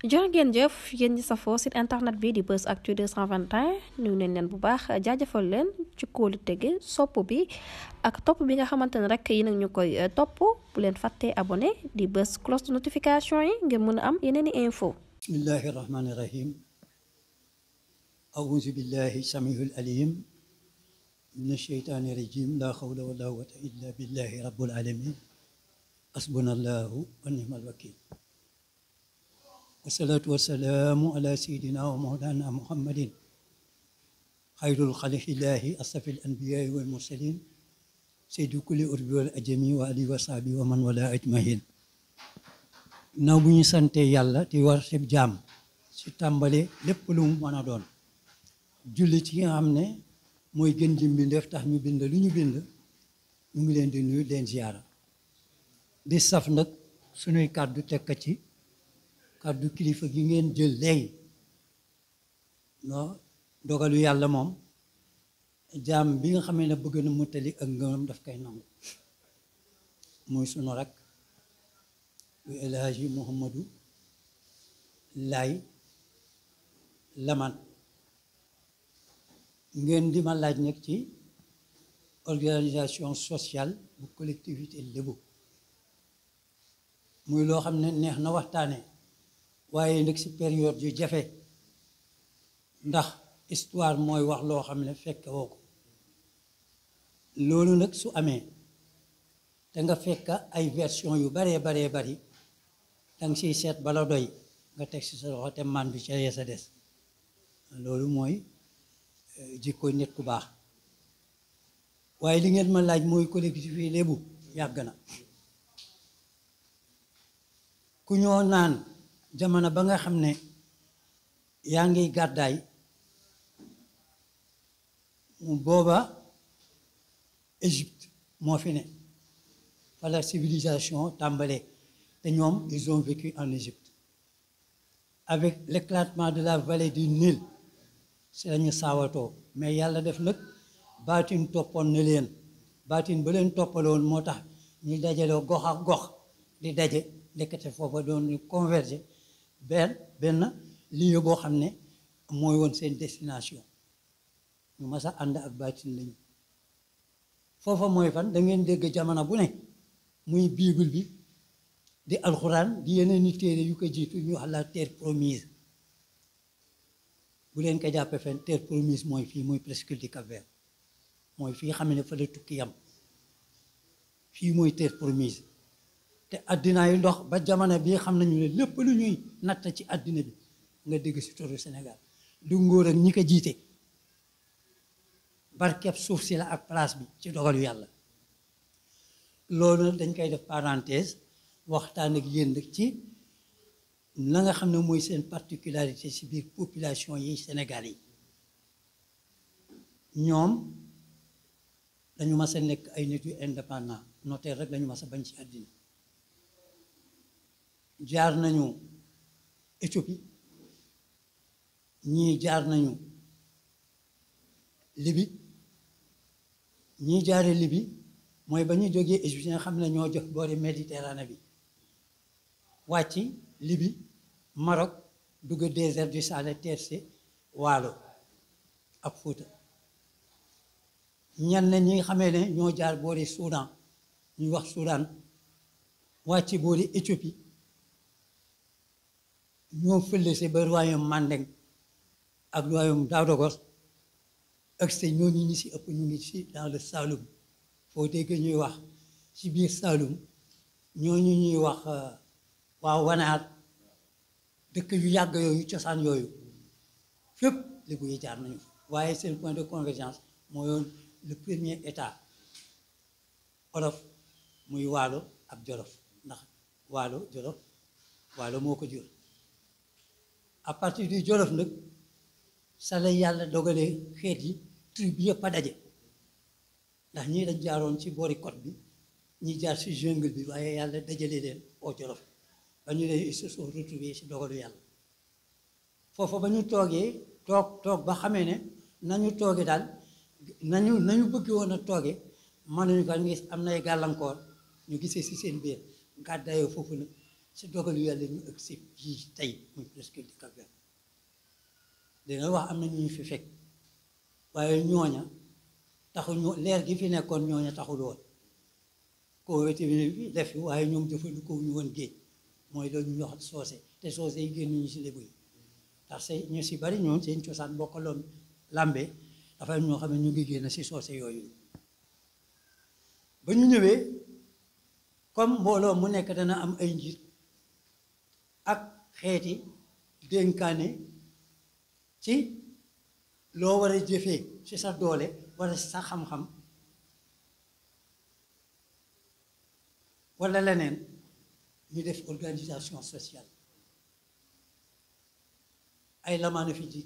jërë ngeen jëf yéen ñi sa site internet bi di Buzz Actu 221 nuyu nañ leen bu baax jaajëfal leen ci kóolu tege sopp bi ak topp bi nga xamante ne rek yi nag ñu koy euh, topp bu leen fatte abonné di bës cloche de notification yi ngeen mën a am yeneen i info bismillahi rahmani rahim auzu billahi samiul alim min asheytaani rajim la xawla wala quwwata illa billahi rabbil alamin hasbunallahu wa ni'mal wakil wasalaatu wasalaamu ala sayidina wa mawlana muhammadin xayrul xalqillaahi asrafil anbiyaai wal mursalin saydi kulli urbi wal ajami wa alihi wa sahbi wa man wala ajmahin naw bu ñu santee yàlla te war sib jaam si tàmbale lépp lu mu mën doon julli ci nga xam ne mooy gën ji mbindeef tax ñu bind lu ñu bind ñu ngi leen di nuyu leen ziyaara di saf nag suñuy kàddu tekka ci kàddu kilifa gi ngeen jël léegi non dogalu yàlla moom jaam bi nga xamee ne bëgg na mu tali ak ngërëm daf koy nangu muy sunu rak yu El Hadji lay Laman ngeen di ma laaj nag ci organisation sociale bu collectivité lébu muy loo xam ne neex na waxtaanee waaye nag si période yu jafe ndax histoire mooy wax loo xam ne fekk woo ko loolu nag su amee te nga fekk ay version yu baree baree bari dang siy seet bala doy nga teg si sa loxo te man bi ca yee sa des loolu mooy euh, jikko nit ku baax waaye li ngeen ma laaj mooy collectif yi lébu yàgg na ku ñoo naan jamono ba nga xam ne yaa ngiy gàddaay mu booba Égypte moo fi ne fa la civilisation tàmbalee te ñoom ils ont vécu en Égypte avec l'éclatement de la vallée du Nil si la ñu saawatoo mais yàlla def nag baatin toppoon na leen baatin ba leen toppaloon moo tax ñu dajale gox ak gox di daje ndekete foofa doon ñu converger benn benn lieu boo xam ne mooy won seen destination ñu mas a ànd ak baatin lañu foofa mooy fan dangeen dégg jamono bu ne muy bible bi di alxuraan di yeneen i téere yu ko jiitu ñu wax la terre promise bu leen ko jàppee fen terre promise mooy fii mooy presqu'île du Cap-Vert mooy fii xam ne fa la tukki yam fii mooy terre promise te àddina yi ndox ba jamono bii xam nañu ne lépp lu ñuy natt ci àddina bi nga dégg si turu Sénégal du ngóor ak ñi ko jiite barkeb suuf si la ak place bi ci dogalu yàlla loolu dañ koy def parenthèse waxtaan ak yéen ci la nga xam ne mooy seen particularité si biir population yi Sénégal yi ñoom dañu mas a nekk ay nit yu indépendant notaire rek lañu mas a bañ ci àddina jaar nañu Éthiopie ñii jaar nañu Libi ñii jaare Libi mooy ba ñuy jógee Égypte xam ne ñoo jox boori Méditerranée bi wàcc Libi Maroc dugg désert du Sahel teerse Waalo ak Fuuta ñenn ñi nga xamee ne ñoo jaar boori Soudan ñuy wax Soudan wàcc boori Éthiopie ñoo fëlëse ba royaume Mandeng ak royaume Daadogos ak seen ñooñu ñu si ëpp ñu ngi si dans le Saloum foo dégg ñuy wax si biir ñoo ñu ñuy wax euh, waa wanaat dëkk yu yàgg yooyu cosaan yooyu fépp lébu yi jaar nañu waaye seen point de convergence moo le premier état olof muy waalo ak jolof ndax waalo jolof waalo moo ko jur à partir du Jolof nag sa la yàlla dogale xeet yi tribu yëpp a daje ndax ñii dañ jaaroon ci boori côte bi ñi jaar si jungle bi waaye yàlla dajale leen au Jolof ba ñu ne ils se sont dogalu yàlla foofa ba ñu toogee toog toog ba xamee ne nañu tooge daal nañu nañu bëgg woon a tooge mënuñu fa ñu gis am nay gàllankoor ñu gisee si seen biir gàddaayoo foofu nag si dogalu yàlla ñu ëgg si yii tey muy presque di kag dina wax am na ñu fi fekk waaye ñooña taxu ñoo leer gi fi nekkoon ñooña taxul woon koo weti bi def fi waaye ñoom jëfandikoo ñu woon géej mooy loolu ñu wax soose te soose yi génn ñu si lébu yi ndax say ñu si bari ñoom seen cosaan bokkaloon làmbe dafa ñoo xam ne ñu ngi génn si soose yooyu ba ñu ñëwee comme mbooloo mu nekk dana am ay njiit ak xeeti dénkaane ci loo war a jëfee ci sa doole wala sa xam-xam wala leneen ñu def organisation sociale ay lamaana fi ji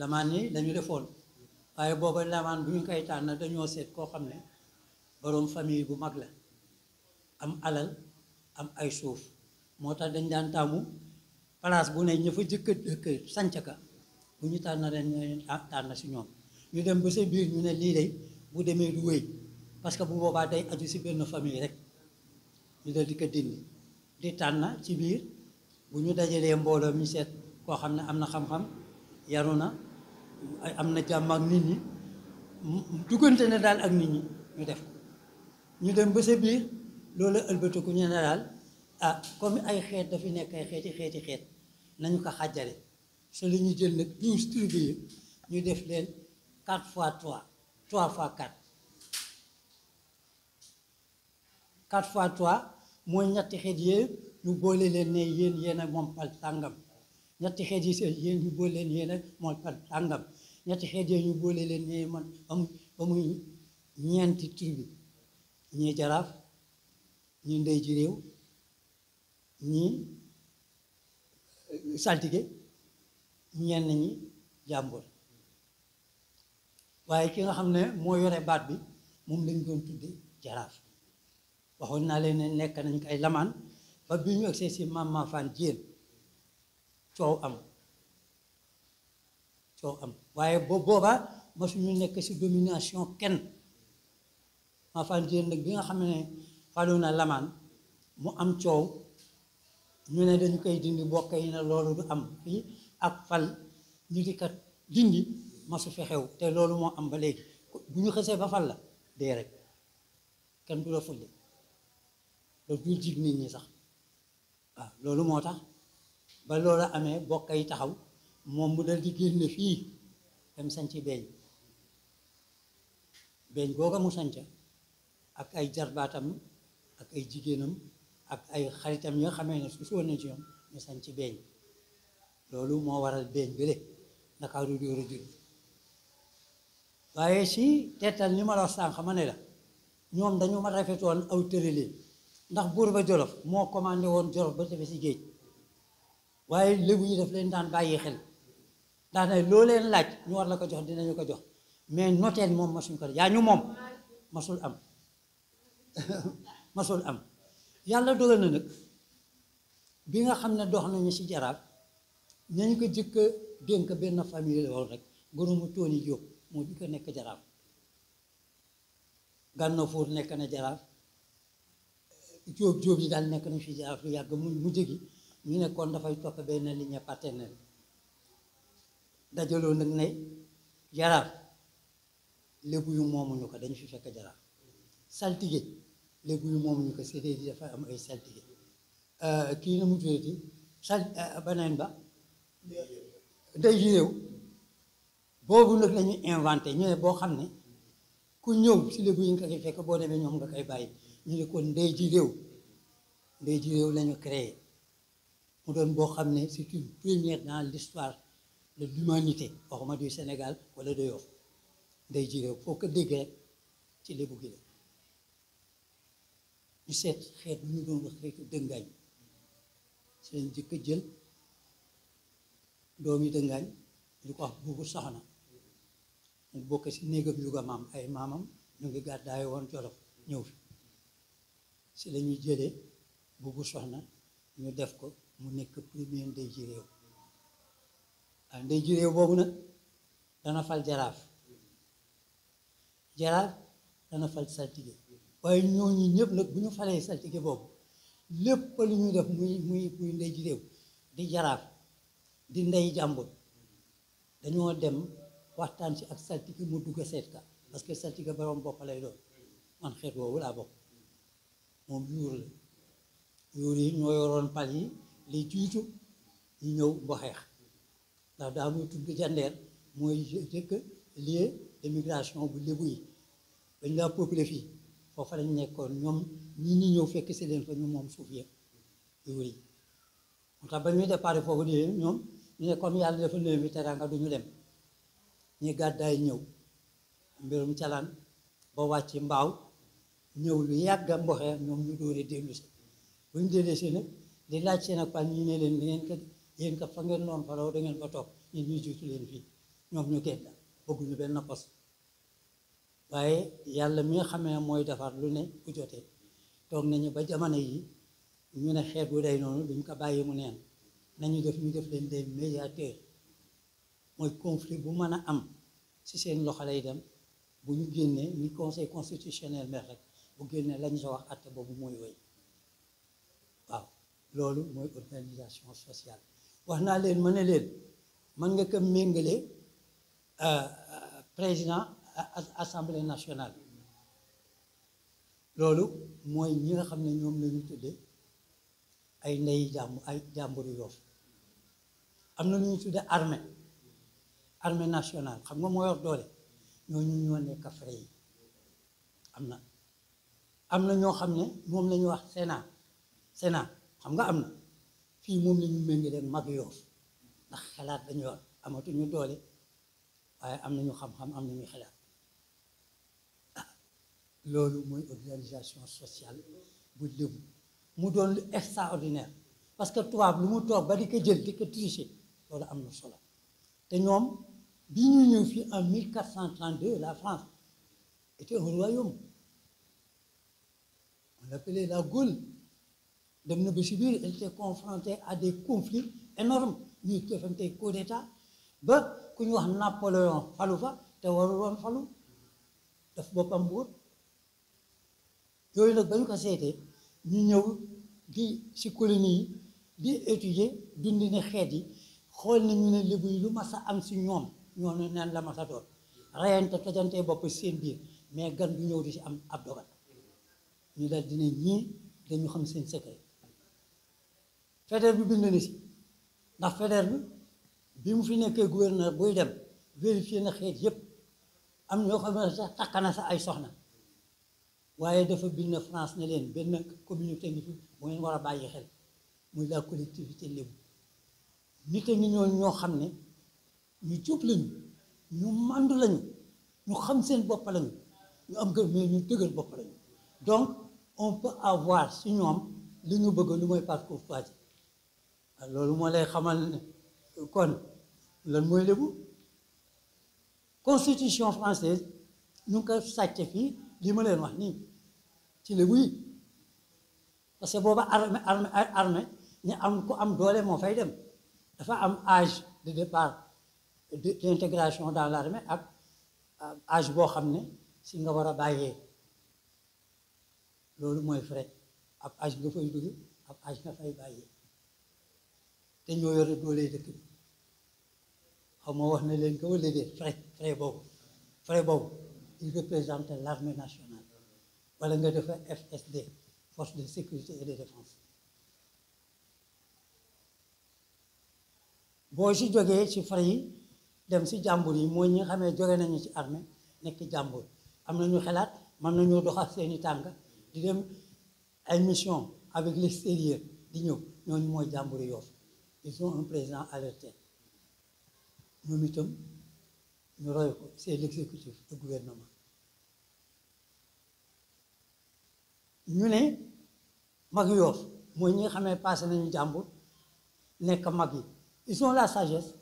lamaan yi dañu defoon waaye booba lamaan bu ñu koy tànn dañoo seet koo xam ne boroom famille bu mag la am alal am ay suuf moo tax dañ daan taamu place bu ne ña fa jëkk sancaka bu ñu tànn ren ñooy ah, tànn si ñoom ñu dem ba sa biir ñu ne lii de bu demee du wéy parce que bu boobaa day aju si benn famille rek ñu dal di ko di tànn ci biir bu ñu dajalee mbooloo mi seet koo xam ne am na xam-xam yaru na am na jàmm ak nit ñi duggante ne daal ak nit ñi ñu def ñu dem ba biir loolu ëlbatiku ñu ne daal ah comme ay xeet dafi nekk ay xeeti xeeti xeet nañu ko xàjjale so li jël nag douze tribus ñu def leen quatre fois trois trois fois quatre quatre fois trois mooy ñetti xeet yéen ñu boole leen ne yéen yéen ak moom pal tàngam ñetti xeet yi yéen ñu boole leen yéen ak moom pal tàngam ñetti xeet yéen ñu boole leen ne man ba muy ñeenti tribu ñii jaraaf ñu ndey ci réew ñi euh, saltige ñenn ñi jàmbur waaye ki nga xam ne moo yore baat bi moom lañ doon tudde jaraaf waxoon naa leen nekk nañ ko ay lamaan ba bi ñu agsee si maam maa faan coow am coow am waaye bo boobaa ma suñu nekk si domination kenn maa faan jéen nag bi nga xam ne na lamaan mu am coow ñu ne dañu koy dindi bokk yi ne loolu du am fii ak fal ñu di dindi masu fi xew te loolu moo am ba léegi bu ñu xësee ba fal la dee rek kenn du la fulli loolu du jig nit ñi sax waaw loolu moo tax ba loolu amee bokk yi taxaw moom mu dal di génn fii dem sanci beeñ beeñ googa mu sañca ak ay jarbaatam ak ay jigéenam ak ay xaritam ñi nga xamee ne su si woon nañ ci ñoom ñu sañ ci beeñ loolu moo waral beeñ bi de ndakaaru dóor waaye si teetal ni ma sànq ma ne la ñoom dañu ma rafetoon aw tërëlin ndax buur ba jolof moo commandé woon jolof ba tefe si géej waaye lébu yi daf leen daan bàyyi xel ndax ne loo leen laaj ñu war la ko jox dinañu ko jox mais noteen moom masuñ ko yaa ñu moom masul am masol am yàlla dogal na nag bi nga xam ne dox nañu ci jaraaf nañ ko jëkk dénk benn famille la woon rek gënumu Tony Diop moo jëkk nekk jaraaf Gana Four nekk na jaraaf Diop Diop yi daal nekk nañ fi jaraaf lu yàgg mu mujj gi ñu ne kon dafay topp benn ligne partenaire dajaloo nag ne jaraaf lébu yu moomuñu ko dañu fi fekk jaraaf saltige léegi ñu moomuñu ko séeréer yi dafa am ay saltige euh, kii na mu tuddati sal euh, baneen ba ndey ji boobu nag lañuy ñuy inventé ñu ne boo xam ne ku ñëw si léegi yi nga koy fekk boo demee ñoom nga koy bàyyi ñu ne kon ndey ji réew ndey ji réew la mu doon boo xam ne c'est une première dans l'histoire de l'humanité waxuma du Sénégal wala de day ndey ji réew foo ko dégg rek ci lébu gi la ñu seet xeet ñu doon wax xeetu dëngaañ si a jël doomi dëngaañ ñu ko wax buubu soxna mu bokk si néegam yu ga maam ay maamam ñu ngi gàddaay woon jolof ñëw fi si lañuy ñuy jëlee buubu soxna ñu def ko mu nekk premier ndey ji réew ah ndey ji réew boobu nag dana fal jaraaf jaraaf dana fal saltige waaye ñooñu ñëpp nag bu ñu falee saltige boobu lépp lu ñuy def muy muy muy ndey ji di jaraaf di ndey jàmbur dañoo dem waxtaan ci ak saltige mu dugg seet ka parce que saltige borom bopp lay doon man xeet woowu laa bokk moom yuur la yuur yi ñoo yoroon pal yi li jiitu ñu ñëw mboxeex ndax daa muy tudd jandeer mooy jëkk lieu de migration bu lébu yi dañ laa peuplé fii foofa lañ nekkoon ñoom ñi ñi ñëw fekk si leen fa ñu moom suuf yëpp yuur yi moo tax ba ñuy départ foofu di ñoom ñu ne comme yàlla dafa leen bi teranga du ñu dem ñu gàddaay ñëw mbirum calaan ba wàcc mbaaw ñëw lu yàgg a mboxe ñoom ñu dóore dellu si bu ñu dellu si nag di laaj seen ak pan ñu ne leen ngeen ko yéen ko fa ngeen noon faraw da ngeen ko toog ñun ñu jiitu leen fii ñoom ñu génn bëgguñu benn pos waaye yàlla mi nga xam mooy defar lu ne bu jotee toog nañu ba jamono yi ñu ne xeet bu day noonu duñ ko bàyyi mu neen nañu def ñu def leen des médiateurs mooy conflit bu mën a am ci seen loxo lay dem bu ñu génnee ni conseil constitutionnel mer rek bu génnee lañ sa wax àtte boobu mooy wéy waaw loolu mooy organisation sociale wax naa leen ma ne leen mën nga ko méngale euh, président assemblée nationale loolu mooy ñi nga xam ne ñoom lañu ñu tuddee ay ndey jàmb ay jàmburu yoof am na lu ñu tuddee armée armée nationale xam nga moo yor doole ñooñu ñoo nekk frais yi am na am na ñoo xam ne moom la ñu wax Sénat Sénat xam nga am na fii moom la ñu méngale mag yoof ndax xalaat dañu yor amatuñu doole waaye am nañu xam-xam am nañu xalaat loolu mooy organisation sociale bu lébu mu doon lu extraordinaire parce que tubaab lu mu toog ba di ko jël di ko tricher loolu am na solo te ñoom bi ñu ñëw fii en 1432 la France était un royaume on l'appelait la Gaule dem na ba si biir elle à des conflits énormes ñuy defante coup d'état ba ku ñu wax Napoléon falu fa te waru woon falu daf boppam buur yooyu nag ba ñu ko seetee ñu ñëw di si colonie yi di étudier dundi ne xeet yi xool ñu ne lébu yi lu mas am si ñoom ñoo ne naan la mas a doon reyante tojante bopp seen biir mais gan bu ñëw di si am ab dogal ñu dal dina ñii dañu xam seen secret fédère bi bind na si ndax fédère bi bi mu fi nekkee gouverneur buy dem vérifier na xeet yépp am ñoo xam ne sax takk na sa ay soxna waaye dafa bind France ne leen benn communauté ngi fi bu ngeen war a bàyyi xel muy la collectivité lébu nit a ngi ñoo xam ne ñu jub lañu ñu màndu lañu ñu xam seen bopp lañu ñu am gër mais ñu dëgër bopp lañu donc on peut avoir si ñoom li ñu bëgg lu mooy parcours passé loolu moo lay xamal ne kon lan mooy lébu constitution française ñu ngi ko sàcce fii li ma leen wax nii ci la wuy parce que booba armée armée armée ñu am ku am doole moo fay dem dafa am âge de départ d'intégration dans l'armée ak âge boo xam ne si nga war a bàyyee loolu mooy frais ab âge nga fay dugg ab âge nga fay bàyyee te ñoo yore doolee dëkk bi xaw ma wax na leen ko wala déet frais frais boobu frais boobu il représente l'armée nationale wala nga defa FSD force de sécurité et de défense boo ci jogee ci far yi dem si jàmbur yi mooy ñi xamee jóge nañu ci armée nekk jàmbur am na nañu xalaat mën nañoo doxal seeni tànk di dem ay mission avec l'extérieur di ñëw ñooñu mooy jàmbur Yoff ils ont un président à leur tête ñoom itam ñu roy ko c'est l'exécutif le gouvernement ñu ne mag yoof mooy ñi nga xam ne passé nañu jàmbur nekk mag yi ils ont la sagesse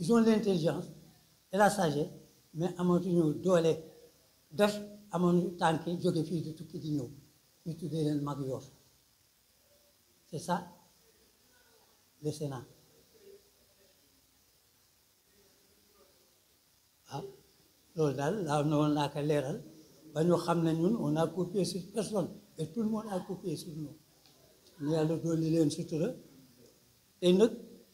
ils ont l'intelligence et la sagesse mais amatuñu doole def amoon tànki jóge fii di tukki di ñëw ñu tuddee leen mag yoof c'est ça le Sénat waaw ah, loolu daal laa ne woon ko leeral ba ñu xam na ñun on a copié sur personne et tout le monde a copié sur nous ñu yàlla dolli leen sutura tey nag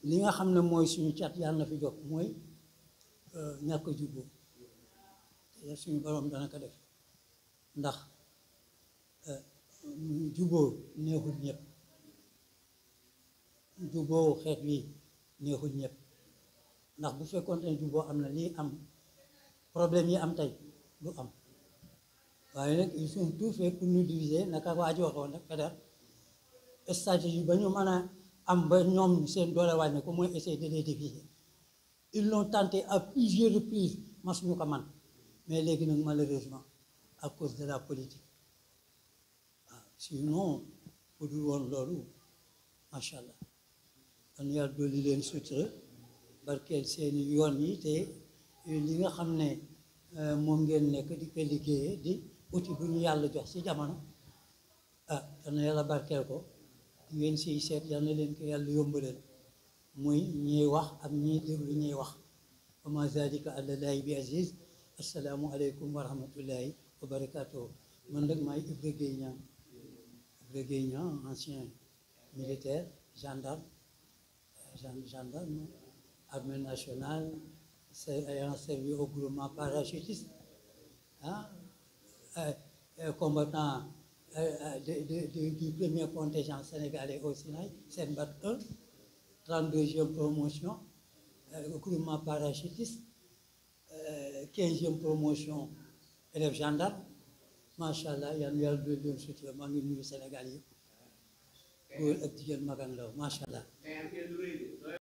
li nga xam ne mooy suñu cat yàlla na fi jokk mooy euh, ñàkk a juboo suñu baroom dana ko def ndax euh, juboo neexul ñëpp juboo xeet wi neexul ñëpp ndax bu fekkoon ne juboo am na lii am problème yi am tey du am waaye nag ils ont tout fait pour nous diviser naka waa ji waxoon nag peut être ba ñu mën a am ba ñoom seen doole wàññi ko mooy essayer de les diviser ils l'ont tenté à plusieurs reprises mas ñu ko man mais léegi nag malheureusement à cause de la politique waaw sinon bu dul woon loolu macha allah kon yàlla dolli leen sutura barkeel seeni yoon yi te li nga xam ne eh, moom ngeen nekk di ko liggéeye di. outil bu ñu yàlla jox ci jamono ah dana yàlla barkeel ko ngeen siy seet yàlla leen ko yàlla yombalal muy ñuy wax ak ñiy déglu ñuy wax wa ma zalika àlallaahi bi aziz asalaamu aleykum wa rahmatullahi wa barakatuhu man nag maay Ibra Gueye Niang Ibra Gueye Niang ancien militaire gendarme gendarme armée nationale ayant servi au groupement parachutiste ah, Euh, euh, combattant euh, du premier contingent sénégalais au Sinaï, Senbat 1, 32e promotion, groupement parachutiste, 15e promotion élève gendarme. macha allah yan yàlla doon doon soutien maa ngi Sénégal yëpp góor ak jigéen mag ak macha allah.